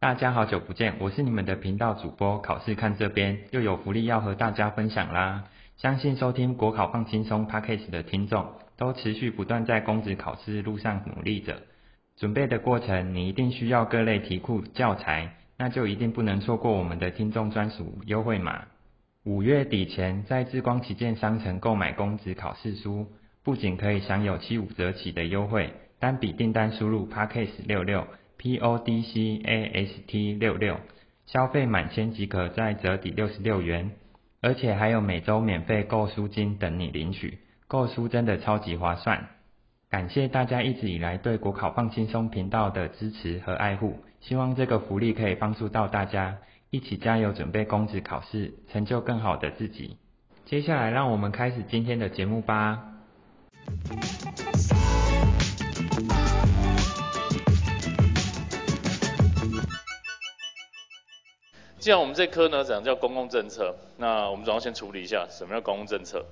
大家好久不見，我是你們的頻道主播，考試看這邊，又有福利要和大家分享啦！相信收聽國考放輕鬆 podcast 的聽眾，都持續不斷在公職考試路上努力着。準備的過程，你一定需要各類題庫教材，那就一定不能錯過我們的聽眾專屬優惠碼。五月底前在智光旗艦商城購買公職考試書，不僅可以享有七五折起的優惠，單筆訂單輸入 podcast 六六，podcast 六六，消費滿千即可再折抵六十六元，而且還有每周免費購書金等你領取，購書真的超級划算。感謝大家一直以來對國考放輕鬆頻道的支持和愛護，希望這個福利可以幫助到大家，一起加油準備公職考試，成就更好的自己。接下來讓我們開始今天的節目吧。既然我們這科呢講，叫公共政策，那我們總要先處理一下什麼叫公共政策。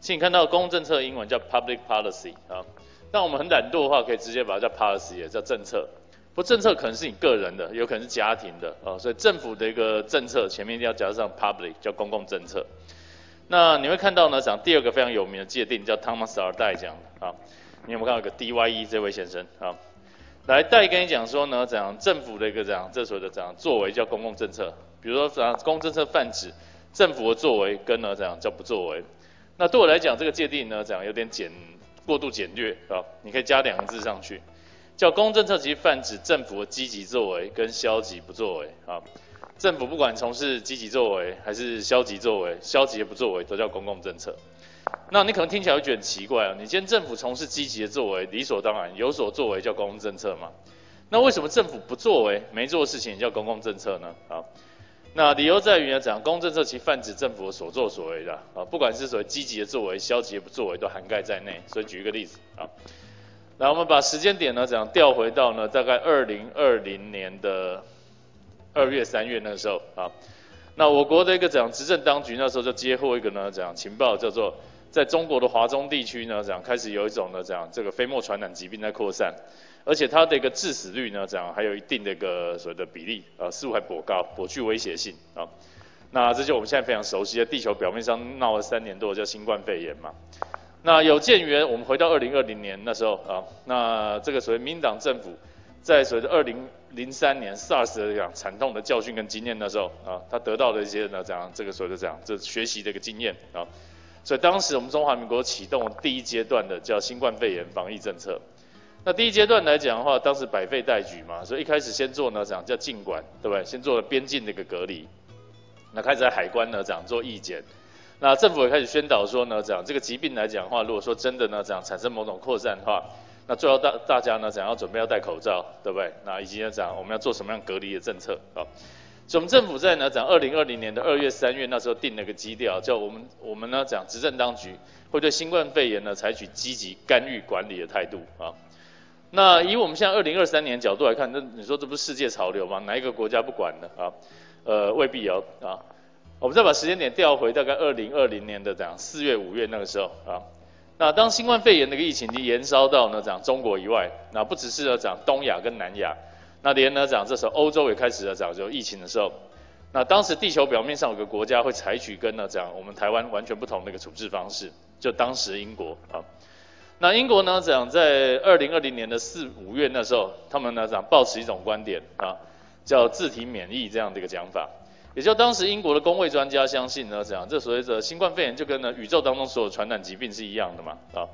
請你看到公共政策的英文叫 public policy 啊，那我們很懶惰的話，可以直接把它叫 policy，叫政策。不過政策可能是你個人的，有可能是家庭的啊，所以政府的一個政策前面一定要加上 public，叫公共政策。那你會看到呢講第二個非常有名的界定叫 Thomas R. Dye 講的啊，你有沒有看到一個 D Y E 這位先生啊？來代跟你講說呢，講政府的一個怎樣，這所謂的怎樣作為叫公共政策。比如說公共政策泛指政府的作為跟呢怎樣叫不作為。那對我來講這個界定呢，怎樣有點簡過度簡略啊？你可以加兩個字上去，叫公共政策其實泛指政府的積極作為跟消極不作為啊。政府不管從事積極作為還是消極作為，消極不作為都叫公共政策。那你可能聽起來會覺得很奇怪啊，你今天政府從事積極的作為，理所當然有所作為叫公共政策嘛。那為什麼政府不作為，沒做的事情也叫公共政策呢？啊，那理由在於呢，講公共政策其實泛指政府所作所為的啊，不管是所謂積極的作為、消極的不作為都涵蓋在內。所以舉一個例子啊，那我們把時間點呢怎樣調回到呢大概二零二零年的二月、三月那個時候啊，那我國的一個講執政當局那時候就接獲一個呢講情報叫做。在中國的華中地區呢，這樣開始有一種呢，這樣這個飛沫傳染疾病在擴散，而且它的一個致死率呢，這樣還有一定的一個所謂的比例，呃，似乎還不高，不具威脅性啊。那這就我們現在非常熟悉的地球表面上鬧了三年多叫新冠肺炎嘛。那有鑑於我們回到二零二零年那時候啊，那這個所謂民進黨政府在所謂的二零零三年 SARS 的這樣慘痛的教訓跟經驗的時候啊，他得到的一些呢，這樣這個所謂的講這樣學習的一個經驗啊。所以當時我們中華民國啟動了第一階段的叫新冠肺炎防疫政策。那第一階段來講的話，當時百廢待舉嘛，所以一開始先做呢講叫禁管，對不對？先做了邊境的一個隔離。那開始在海關呢講做疫檢。那政府也開始宣導說呢講這，這個疾病來講的話，如果說真的呢講產生某種擴散的話，那最後大大家呢講要準備要戴口罩，對不對？那以及講我們要做什麼樣隔離的政策。我們政府在呢講，二零二零年的二月、三月那時候定了個基調，叫我們我們呢講，執政當局會對新冠肺炎呢採取積極干預管理的態度啊。那以我們現在二零二三年的角度來看，那你說這不是世界潮流嗎？哪一個國家不管呢？啊，呃，未必有哦。啊。我們再把時間點調回大概二零二零年的講四月、五月那個時候啊，那當新冠肺炎那個疫情已經延燒到呢講中國以外，那不只是要講東亞跟南亞。那連呢講，這時候歐洲也開始了。講，就疫情的時候。那當時地球表面上有個國家會採取跟呢講，我們台灣完全不同的一個處置方式，就當時英國啊。那英國呢講，在二零二零年的四五月那時候，他們呢講，抱持一種觀點啊，叫自體免疫這樣的一個講法。也就當時英國的公衛專家相信呢講，這所謂的新冠肺炎就跟呢宇宙當中所有傳染疾病是一樣的嘛啊。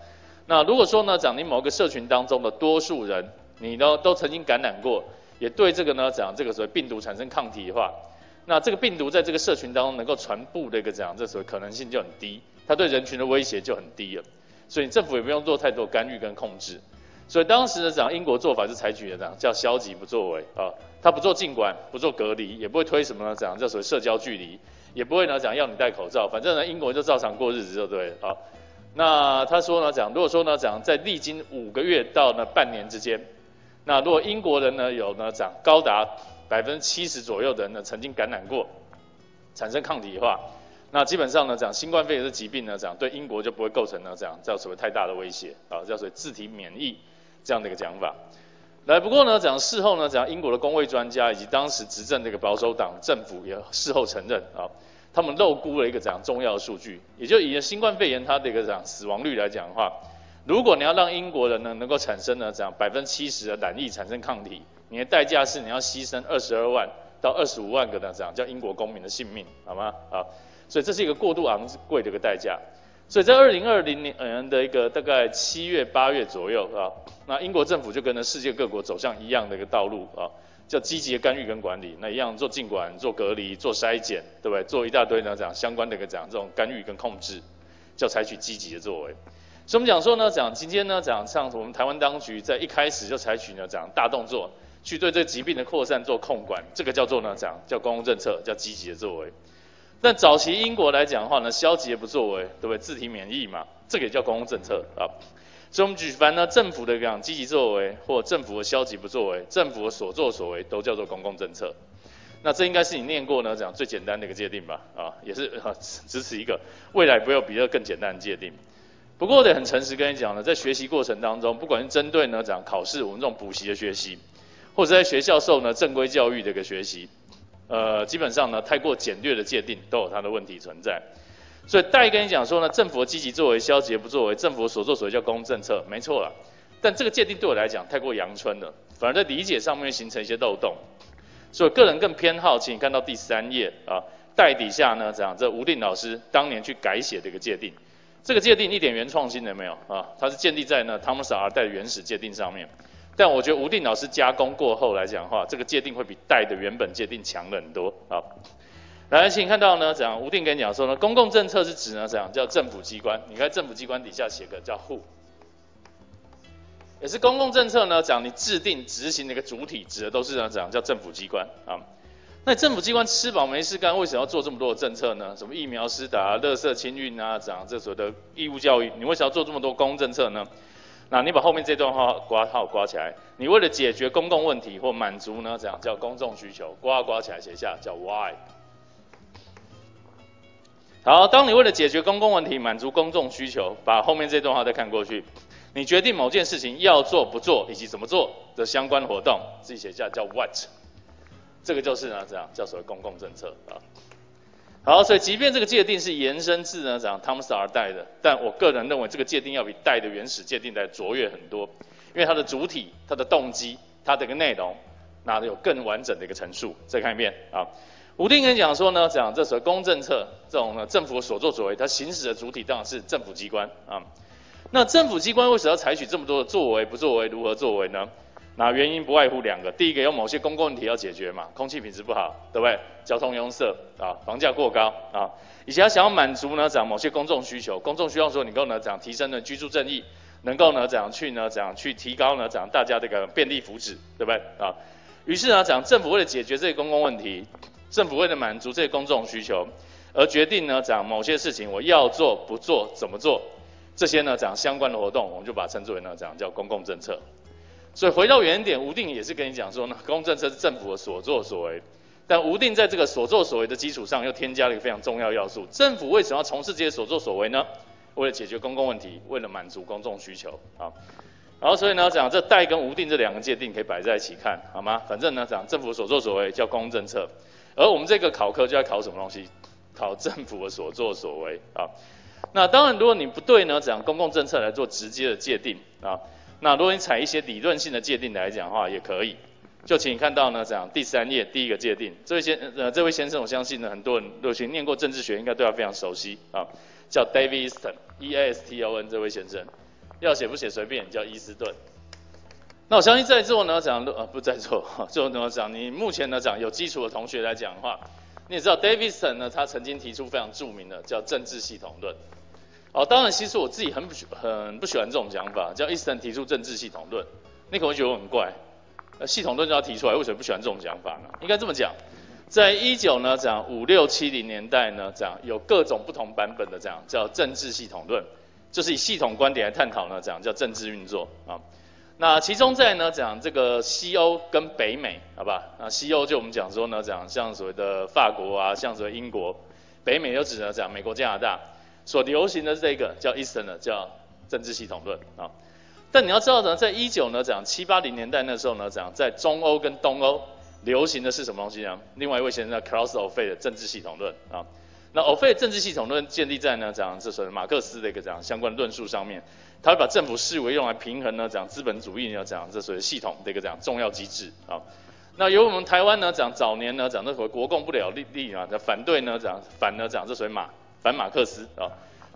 那如果說呢講，你某個社群當中的多數人你呢都，都曾經感染過，也對這個呢講，這個所謂病毒產生抗體的話，那這個病毒在這個社群當中能夠傳布的一個講，這所謂可能性就很低，它對人群的威脅就很低了，所以政府也不用做太多干預跟控制。所以當時呢講，英國做法是採取的講叫消極不作為啊，他不做禁管，不做隔離，也不會推什麼呢講叫所謂社交距離，也不會呢講要你戴口罩，反正呢英國就照常過日子就對了。好，那他說呢講，如果說呢講在歷經五個月到呢半年之間。那如果英國人呢有呢講高達百分之七十左右的人呢曾經感染過產生抗體的話，那基本上呢講新冠肺炎的疾病呢講對英國就不會構成呢這樣叫所謂太大的威脅啊，叫什麼自體免疫這樣的一個講法。來不過呢講事後呢講英國的公衛專家以及當時執政這個保守黨政府也事後承認啊，他們漏估了一個講重要的數據，也就以新冠肺炎它的一個講死亡率來講的話。如果你要讓英國人呢，能夠產生呢這樣百分之七十的染疫產生抗體，你的代價是你要犧牲二十二萬到二十五萬個呢這樣叫英國公民的性命，好嗎？啊，所以這是一個過度昂貴的一個代價。所以在二零二零年的一個大概七月八月左右啊，那英國政府就跟著世界各國走向一樣的一個道路啊，叫積極的干預跟管理，那一樣做監管、做隔離、做篩檢，對不對？做一大堆呢這樣相關的一個這樣這種干預跟控制，叫採取積極的作為。所以我們講說呢，講今天呢，講像我們台灣當局在一開始就採取呢，講大動作去對這疾病的擴散做控管，這個叫做呢，講叫公共政策，叫積極的作為。但早期英國來講的話呢，消極的不作為，對不對？自體免疫嘛，這個也叫公共政策啊。所以我們舉凡呢，政府的講積極作為或政府的消極不作為，政府的所作所為都叫做公共政策。那這應該是你念過呢，講最簡單的一個界定吧，啊，也是啊，只此一個，未來不要比這更簡單的界定。不過我很誠實跟你講呢，在學習過程當中，不管是針對呢講考試，我們這種補習的學習，或者是在學校受呢正規教育的一個學習，呃，基本上呢太過簡略的界定都有它的問題存在。所以戴跟你講說呢，政府積極作為、消極不作為，政府所作所為叫公共政策，沒錯啦。但這個界定對我來講太過陽春了，反而在理解上面形成一些漏洞。所以個人更偏好，請你看到第三頁啊，戴底下呢講這吳定老師當年去改寫的一個界定。這個界定一點原創性都沒有啊，它是建立在呢湯姆沙爾戴的原始界定上面。但我覺得吳定老師加工過後來講的話，這個界定會比戴的原本界定強了很多啊。來，請看到呢，講吳定跟你講說，說呢，公共政策是指呢，講叫政府機關？你看政府機關底下寫個叫戶也是公共政策呢，講你制定執行的一個主體，指的都是怎樣，叫政府機關啊。那政府機關吃飽沒事幹，為什麼要做這麼多的政策呢？什麼疫苗施打、垃圾清運啊，這樣這所謂的義務教育，你為什麼要做這麼多公共政策呢？那你把後面這段話括號括起來，你為了解決公共問題或滿足呢，這樣叫公眾需求，括，括起來寫下叫 Why。好，當你為了解決公共問題、滿足公眾需求，把後面這段話再看過去，你決定某件事情要做不做以及怎麼做的相關活動，自己寫下叫 What。這個就是呢，這樣叫所謂公共政策啊。好，所以即便這個界定是延伸至呢，這樣湯姆斯爾帶的，但我個人認為這個界定要比帶的原始界定來卓越很多，因為它的主體、它的動機、它的一個內容，那有更完整的一個陳述。再看一遍啊。吳定跟講說呢，講這所謂公共政策這種呢政府所作所為，它行使的主體當然是政府機關啊。那政府機關為什麼要採取這麼多的作為、不作為、如何作為呢？那、啊、原因不外乎兩個，第一個有某些公共問題要解決嘛，空氣品質不好，對不對？交通壅塞啊，房價過高啊，以及他想要滿足呢講某些公眾需求，公眾需要說你夠呢講提升呢居住正義，能夠呢講去呢講去提高呢講大家這個便利福祉，對不對？啊，於是呢講政府為了解決這些公共問題，政府為了滿足這些公眾需求，而決定呢講某些事情我要做不做怎麼做，這些呢講相關的活動，我們就把它稱之為呢講叫公共政策。所以回到原點，吳定也是跟你講說呢，公共政策是政府的所作所為。但吳定在這個所作所為的基礎上，又添加了一個非常重要要素：政府為什麼要從事這些所作所為呢？為了解決公共問題，為了滿足公眾需求，啊。然後所以呢，講這代跟吳定這兩個界定可以擺在一起看，好嗎？反正呢，講政府的所作所為叫公共政策，而我們這個考科就要考什麼東西？考政府的所作所為，啊。那當然，如果你不對呢，講公共政策來做直接的界定，啊。那如果你採一些理論性的界定來講的話，也可以。就請你看到呢，講第三頁第一個界定，這位先呃這位先生，我相信呢很多人都去唸過政治學，應該對他非常熟悉啊，叫 David Easton，E-A-S-T-O-N、e、這位先生，要寫不寫隨便，叫伊斯頓。那我相信在座呢講呃、啊、不在座，就怎麼講，你目前呢講有基礎的同學來講的話，你也知道 David Easton 呢，他曾經提出非常著名的叫政治系統論。哦，當然，其實我自己很不很不喜歡這種講法，叫伊斯頓提出政治系統論，你可能會覺得我很怪。呃系統論就要提出來，為什麼不喜歡這種講法呢？應該這麼講，在一九呢講五六七零年代呢講有各種不同版本的這樣叫政治系統論，就是以系統觀點來探討呢講叫政治運作啊。那其中在呢講這個西歐跟北美，好吧？那西歐就我們講說呢講像所謂的法國啊，像所謂英國，北美又指呢講美國、加拿大。所流行的這個叫 Easton，叫政治系統論啊。但你要知道呢，在一九呢講七八零年代那時候呢講，在中歐跟東歐流行的是什麼東西呢？另外一位先生叫 Claus Offe 的政治系統論啊。那 Offe 政治系統論建立在呢講這屬於馬克思的一個講相關論述上面，他會把政府視為用來平衡呢講資本主義呢要講這屬於系統的一個講重要機制啊。那由我們台灣呢講早年呢講這國共不兩立啊，反對呢講反呢講這屬於馬。反馬克思啊，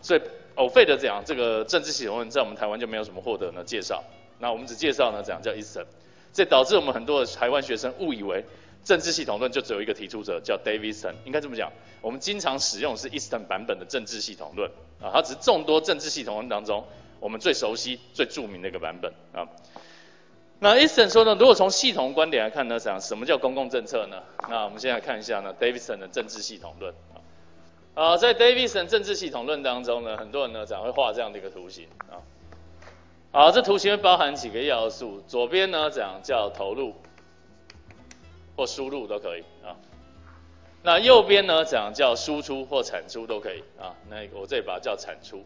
所以偶費的講這,這個政治系統論在我們台灣就沒有什麼獲得呢介紹，那我們只介紹呢講叫 Easton 這導致我們很多的台灣學生誤以為政治系統論就只有一個提出者叫 Davidson，應該這麼講，我們經常使用是 Easton 版本的政治系統論啊，它只是眾多政治系統論當中我們最熟悉、最著名的一個版本啊。那 Easton 說呢，如果從系統觀點來看呢，講什麼叫公共政策呢？那我們先來看一下呢 Davidson 的政治系統論。好、啊、在 David Easton 政治系統論當中呢，很多人呢講會畫這樣的一個圖形啊。好、啊，這圖形會包含幾個要素，左邊呢講叫投入或輸入都可以啊。那右邊呢講叫輸出或產出都可以啊。那我這裡把它叫產出。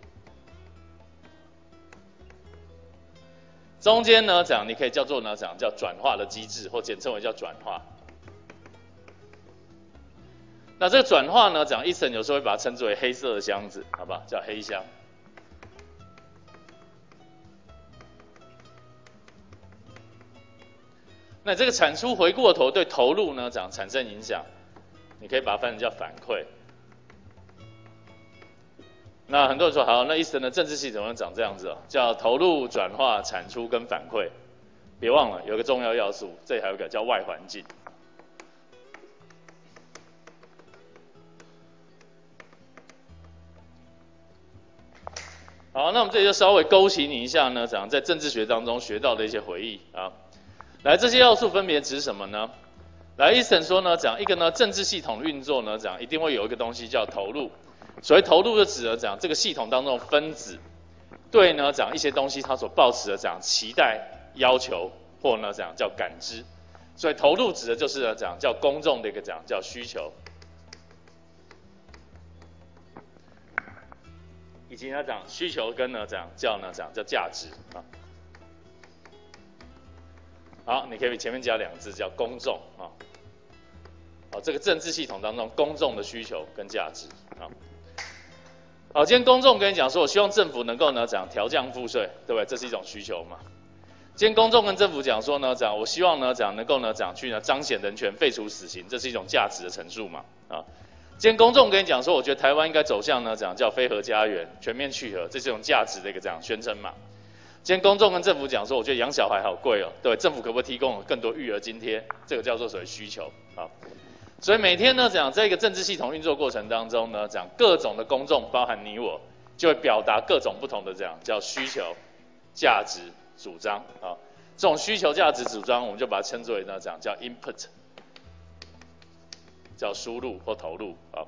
中間呢講你可以叫做呢講叫轉化的機制，或簡稱為叫轉化。那這個轉化呢，講 Easton 有時候會把它稱之為黑色的箱子，好不好？叫黑箱。那這個產出回過頭對投入呢，講產生影響，你可以把它翻成叫反饋。那很多人說，好，那 Easton 的政治系統會長這樣子哦，叫投入轉化產出跟反饋。別忘了有一個重要要素，這裡還有個叫外環境。好，那我們這裡就稍微勾起你一下呢，講在政治學當中學到的一些回憶啊。來，這些要素分別指什麼呢？來，Easton 說呢，講一個呢，政治系統運作呢，講一定會有一個東西叫投入。所謂投入，就指的講這個系統當中分子，對呢講一些東西它所抱持的講期待、要求或呢講叫感知。所以投入指的就是講叫公眾的一個講叫需求。以及他講需求跟呢講叫呢講叫價值啊。好，你可以前面加兩個字叫公眾啊。好，這個政治系統當中公眾的需求跟價值啊。好，今天公眾跟你講說，我希望政府能夠呢講調降賦稅，對不對？這是一種需求嘛。今天公眾跟政府講說呢講，我希望呢講能夠呢講去呢彰顯人權、廢除死刑，這是一種價值的陳述嘛啊。今天公眾跟你講說，我覺得台灣應該走向呢，講叫非核家園，全面去核，這是一種價值的一個這樣宣稱嘛。今天公眾跟政府講說，我覺得養小孩好貴哦、喔，對，政府可不可以提供更多育兒津貼？這個叫做所謂需求啊。所以每天呢，講在一個政治系統運作過程當中呢，講各種的公眾，包含你我，就會表達各種不同的這樣叫需求、價值、主張啊。這種需求、價值、主張，我們就把它稱作為呢，講叫 input。叫輸入或投入啊。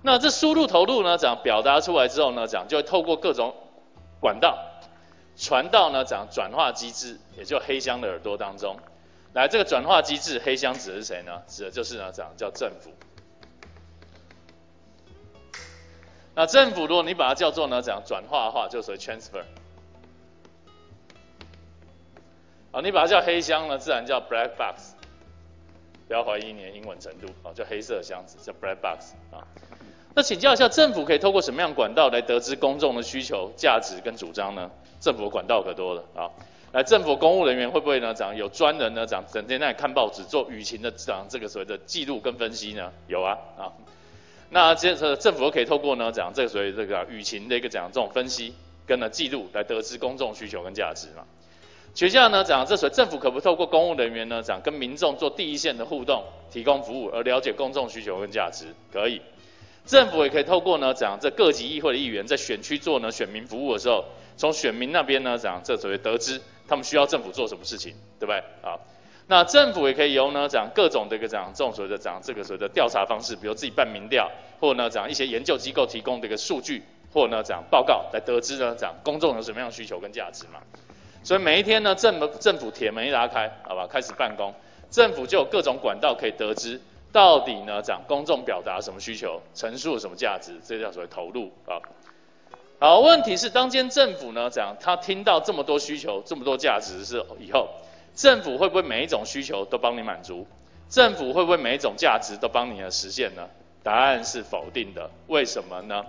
那這輸入投入呢，這樣表達出來之後呢，這樣就會透過各種管道傳到呢這樣轉化機制，也就黑箱的耳朵當中。來，這個轉化機制，黑箱指的是誰呢？指的就是呢這樣叫政府。那政府如果你把它叫做呢這樣轉化的話，就屬於 transfer。啊，你把它叫黑箱呢，自然叫 black box。不要懷疑你的英文程度，啊、哦，叫黑色的箱子，叫 black box 啊、哦。那請教一下，政府可以透過什麼樣管道來得知公眾的需求、價值跟主張呢？政府管道可多了啊。來、哦，那政府公務人員會不會呢？講有專人呢？講整天在看報紙，做輿情的講這個所謂的記錄跟分析呢？有啊，啊、哦。那接着政府可以透過呢，講這個所謂這個輿情的一個講這種分析跟呢記錄來得知公眾需求跟價值嘛？學校呢，講這所政府可不透過公務人員呢，講跟民眾做第一線的互動，提供服務而了解公眾需求跟價值，可以。政府也可以透過呢，講在各級議會的議員在選區做呢選民服務的時候，從選民那邊呢，講這所謂得知他們需要政府做什麼事情，對不對？啊，那政府也可以由呢，講各種的講這個講眾所謂的講這個所謂的調查方式，比如自己辦民調，或者呢講一些研究機構提供的一個數據，或者呢講報告來得知呢講公眾有什麼樣的需求跟價值嘛。所以每一天呢，政府政府鐵門一拉開，好吧，開始辦公，政府就有各種管道，可以得知，到底呢講公眾表達什麼需求，陳述什麼價值，這叫所謂投入啊。好，問題是，當間政府呢講，他聽到這麼多需求，這麼多價值是以後，政府會不會每一種需求都幫你滿足？政府會不會每一種價值都幫你來實現呢？答案是否定的，為什麼呢？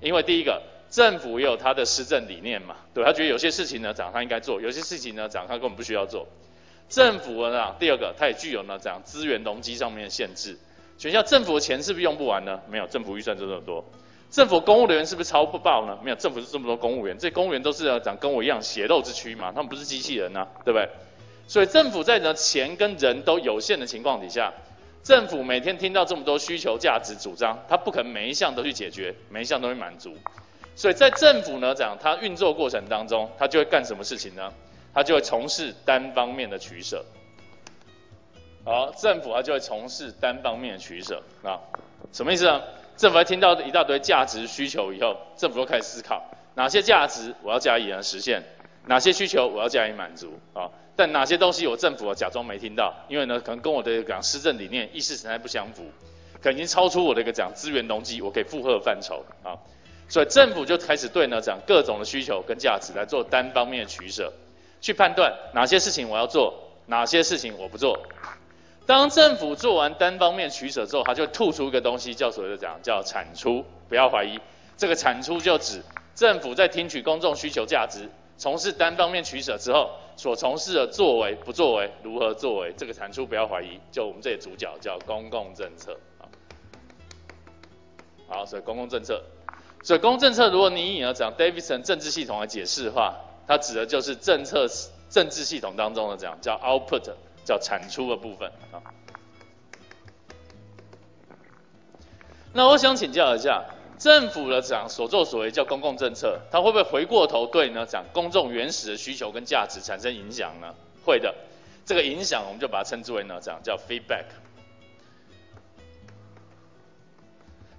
因為第一個。政府也有它的施政理念嘛，對，他覺得有些事情呢，講他應該做；有些事情呢，講他根本不需要做。政府呢，第二個，它也具有呢，講資源、容積上面的限制。學校政府的錢是不是用不完呢？沒有，政府預算就這麼多。政府公務人員是不是超不爆呢？沒有，政府是這麼多公務員，這些公務員都是講、啊、跟我一樣血肉之軀嘛，他們不是機器人啊，對不對？所以政府在呢錢跟人都有限的情況底下，政府每天聽到這麼多需求、價值主張，他不可能每一項都去解決，每一項都會滿足。所以在政府呢講，它運作過程當中，它就會幹什麼事情呢？它就會從事單方面的取捨。好，政府它就會從事單方面的取捨啊？什麼意思呢？政府在聽到一大堆價值需求以後，政府就開始思考，哪些價值我要加以實現，哪些需求我要加以滿足啊？但哪些東西我政府啊，假裝沒聽到，因為呢，可能跟我的講施政理念、意識形態不相符，可能已經超出我的一個講資源動機我可以負荷的範疇啊。所以政府就開始對呢講各種的需求跟價值來做單方面的取捨，去判斷哪些事情我要做，哪些事情我不做。當政府做完單方面取捨之後，他就會吐出一個東西，叫所謂的講叫產出，不要懷疑。這個產出就指政府在聽取公眾需求價值，從事單方面取捨之後所從事的作為、不作為、如何作為，這個產出不要懷疑，就我們這裡主角叫公共政策啊。好，所以公共政策。所以公共政策，如果你以呢講 Davidson 政治系統來解釋的話，它指的就是政策政治系統當中的這樣叫 output，叫產出的部分。那我想請教一下，政府的這樣所作所為叫公共政策，它會不會回過頭對呢講公眾原始的需求跟價值產生影響呢？會的，這個影響我們就把它稱之為呢這樣叫 feedback。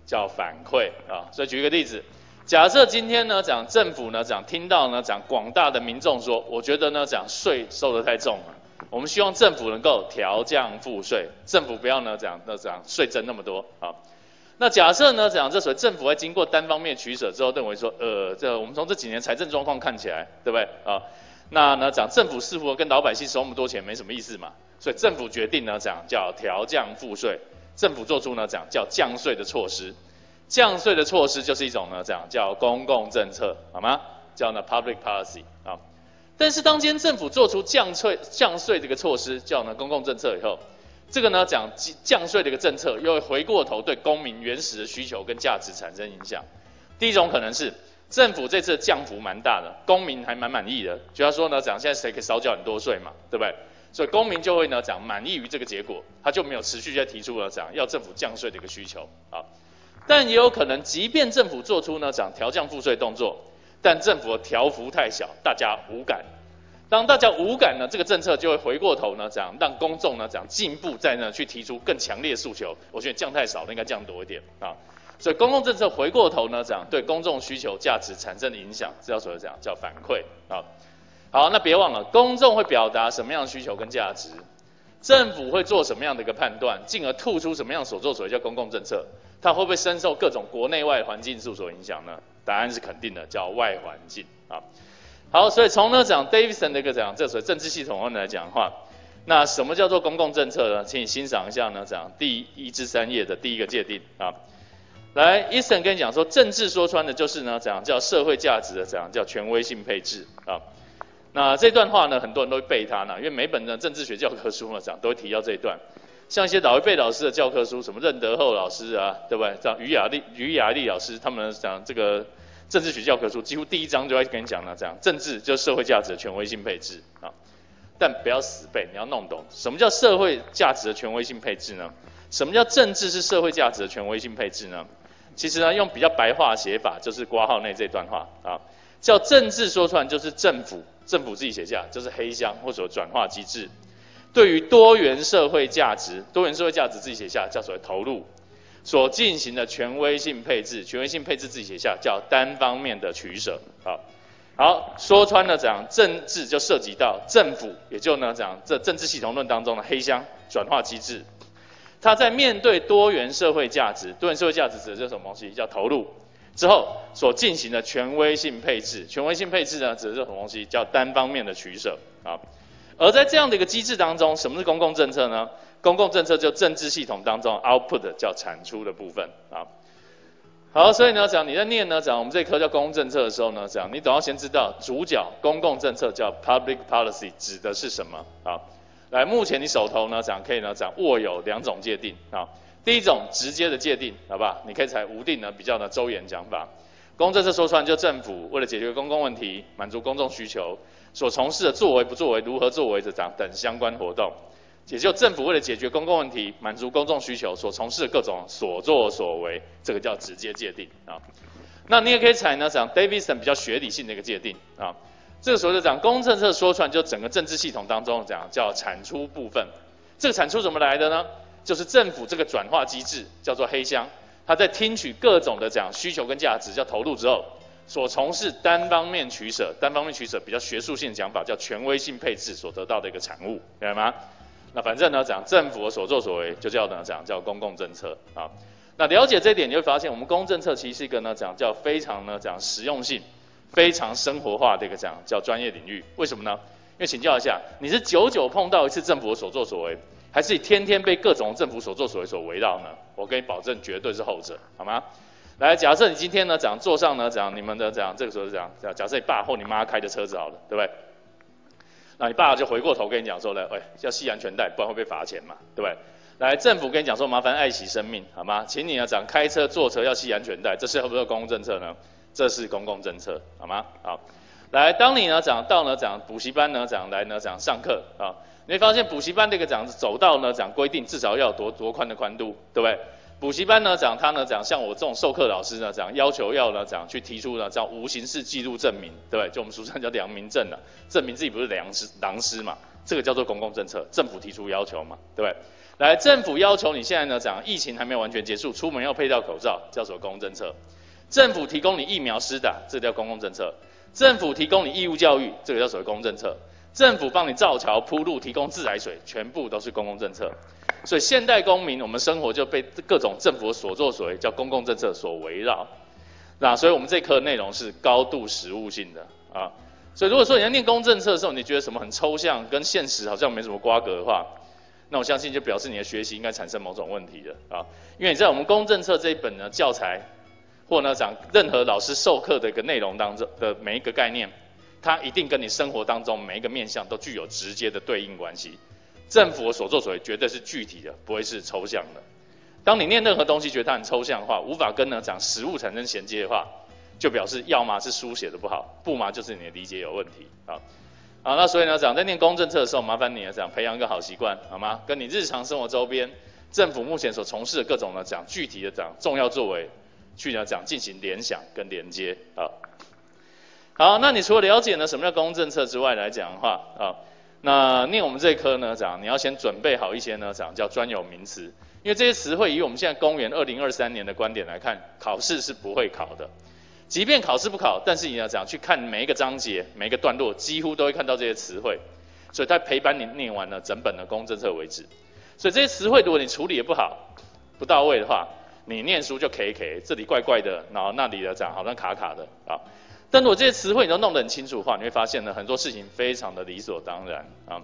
叫反饋啊，所以舉一個例子，假設今天呢講政府呢講聽到呢講廣大的民眾說，我覺得呢講稅收得太重了，我們希望政府能夠調降賦稅，政府不要呢講那講稅徵那麼多啊。那假設呢講這所以政府在經過單方面取舍之後，認為說，呃，這我們從這幾年財政狀況看起來，對不對啊？那呢講政府似乎跟老百姓收那麼多錢沒什麼意思嘛，所以政府決定呢講叫調降賦稅。政府做出呢，講叫降稅的措施，降稅的措施就是一種呢，講叫公共政策，好嗎？叫呢 public policy 啊。但是當今政府做出降稅降稅這個措施，叫呢公共政策以後，這個呢講降稅的一個政策，又會回過頭對公民原始的需求跟價值產生影響。第一種可能是，政府這次降幅蠻大的，公民還蠻滿意的，就要說呢講現在誰可以少繳很多稅嘛，對不對？所以公民就會呢講滿意於這個結果，他就沒有持續在提出了講要政府降稅的一個需求啊。但也有可能，即便政府做出呢講調降賦稅動作，但政府的調幅太小，大家無感。當大家無感呢，這個政策就會回過頭呢這樣讓公眾呢講進一步在呢去提出更強烈訴求。我覺得降太少了，應該降多一點啊。所以公共政策回過頭呢講對公眾需求價值產生的影響，這叫所謂講叫反饋啊。好，那別忘了，公眾會表達什麼樣的需求跟價值，政府會做什麼樣的一個判斷，進而吐出什麼樣所作所為叫公共政策。它會不會深受各種國內外環境素所影響呢？答案是肯定的，叫外環境啊。好，所以從呢講 Davidson 的一個講，講這所謂政治系統論來講的話，那什麼叫做公共政策呢？請你欣賞一下呢講第一至三頁的第一個界定啊。來 Easton 跟你講說，政治說穿的就是呢講叫社會價值的講叫權威性配置啊。那這段話呢，很多人都會背它呢，因為每本的政治學教科書嘛，這樣都會提到這一段。像一些老一輩老師的教科書，什麼任德厚老師啊，對不對？這樣余亞麗、余亞麗老師他們講這個政治學教科書，幾乎第一章就要跟你講了，這樣政治就是社會價值的權威性配置啊。但不要死背，你要弄懂什麼叫社會價值的權威性配置呢？什麼叫政治是社會價值的權威性配置呢？其實呢，用比較白話寫法，就是括號內這段話啊。叫政治說穿就是政府，政府自己寫下就是黑箱或者轉化機制。對於多元社會價值，多元社會價值自己寫下叫所謂投入，所進行的權威性配置，權威性配置自己寫下叫單方面的取捨。好，好說穿了講，政治就涉及到政府，也就呢，講這政治系統論當中的黑箱轉化機制。他在面對多元社會價值，多元社會價值指的什麼東西叫投入，之後所進行的權威性配置，權威性配置呢指的是什麼東西？叫單方面的取捨啊。而在這樣的一個機制當中，什麼是公共政策呢？公共政策就政治系統當中 output 叫產出的部分啊。好，所以呢講你在念呢講我們這一科叫公共政策的時候呢講，你總要先知道主角公共政策叫 public policy 指的是什麼啊？來，目前你手頭呢講可以呢講握有兩種界定啊。第一種直接的界定，好不好？你可以採無定的比較的周延講法。公政策說出來就政府為了解決公共問題、滿足公眾需求所從事的作為不作為、如何作為的講等相關活動。也就政府為了解決公共問題、滿足公眾需求所從事的各種所作所為，這個叫直接界定啊。那你也可以採呢講 Davidson 比較學理性的一個界定啊。這個時候就講公政策說出來就整個政治系統當中講叫產出部分。這個產出怎麼來的呢？就是政府這個轉化機制叫做黑箱，它在聽取各種的講需求跟價值叫投入之後，所從事單方面取捨，單方面取捨比較學術性講法叫權威性配置所得到的一個產物，明白嗎？那反正呢講政府的所作所為就叫呢講叫公共政策啊。那了解這一點你會發現，我們公共政策其實是一個呢講叫非常呢講實用性、非常生活化的一個講叫專業領域。為什麼呢？因為請教一下，你是久久碰到一次政府的所作所為，還是你天天被各種政府所作所為所圍繞呢？我跟你保證，絕對是後者，好嗎？來，假設你今天呢，講坐上呢，講你們的講，這個時候講假設你爸或你媽開的車子好了，對不對？那你爸就回過頭跟你講說呢，喂、欸，要繫安全帶，不然會被罰錢嘛，對不對？來，政府跟你講說，麻煩愛惜生命，好嗎？請你呢，講開車坐車要繫安全帶，這是不是公共政策呢？這是公共政策，好嗎？好，來，當你呢，講到呢，講補習班呢，講來呢，講上課啊。你發現補習班這個講走道呢講，規定至少要多多寬的寬度，對不對？補習班呢講他呢講像我這種授課老師呢講，要求要呢講去提出呢叫無刑事紀錄證明，對不對？就我們俗稱叫良民證了、啊，證明自己不是良師良師嘛，這個叫做公共政策，政府提出要求嘛，對不對？來，政府要求你現在呢講，疫情還沒有完全結束，出門要佩戴口罩，叫什麼公共政策？政府提供你疫苗施打，這個、叫公共政策？政府提供你義務教育，這個叫做公共政策？政府幫你造橋鋪路，提供自來水，全部都是公共政策。所以現代公民，我們生活就被各種政府所作所為，叫公共政策所圍繞。那所以，我們這課內容是高度實務性的啊。所以，如果說你在念公共政策的時候，你覺得什麼很抽象，跟現實好像沒什麼瓜葛的話，那我相信就表示你的學習應該產生某種問題的啊。因為你在我們《公共政策》這一本呢教材，或呢講任何老師授課的一個內容當中的每一個概念。它一定跟你生活當中每一個面向都具有直接的對應關係。政府的所作所為絕對是具體的，不會是抽象的。當你念任何東西覺得它很抽象的話，無法跟呢講實務產生銜接的話，就表示要麼是書寫的不好，不嘛就是你的理解有問題啊。好，那所以呢講在念公共政策的時候，麻煩你啊，講培養一個好習慣好嗎？跟你日常生活周邊政府目前所從事的各種呢講具體的講重要作為去呢講進行聯想跟連接啊。好。好，那你除了了解呢，什麼叫公共政策之外來講的話，啊、哦，那念我們這一科呢，講你要先準備好一些呢，講叫專有名詞，因為這些詞彙以我們現在公元二零二三年的觀點來看，考試是不會考的。即便考試不考，但是你要講去看每一個章節、每一個段落，幾乎都會看到這些詞彙，所以它陪伴你念完了整本的公共政策為止。所以這些詞彙，如果你處理得不好、不到位的話，你念書就 K K，這裡怪怪的，然後那裡的講好像卡卡的，啊。但如果這些詞彙你都弄得很清楚的話，你會發現呢，很多事情非常的理所當然啊。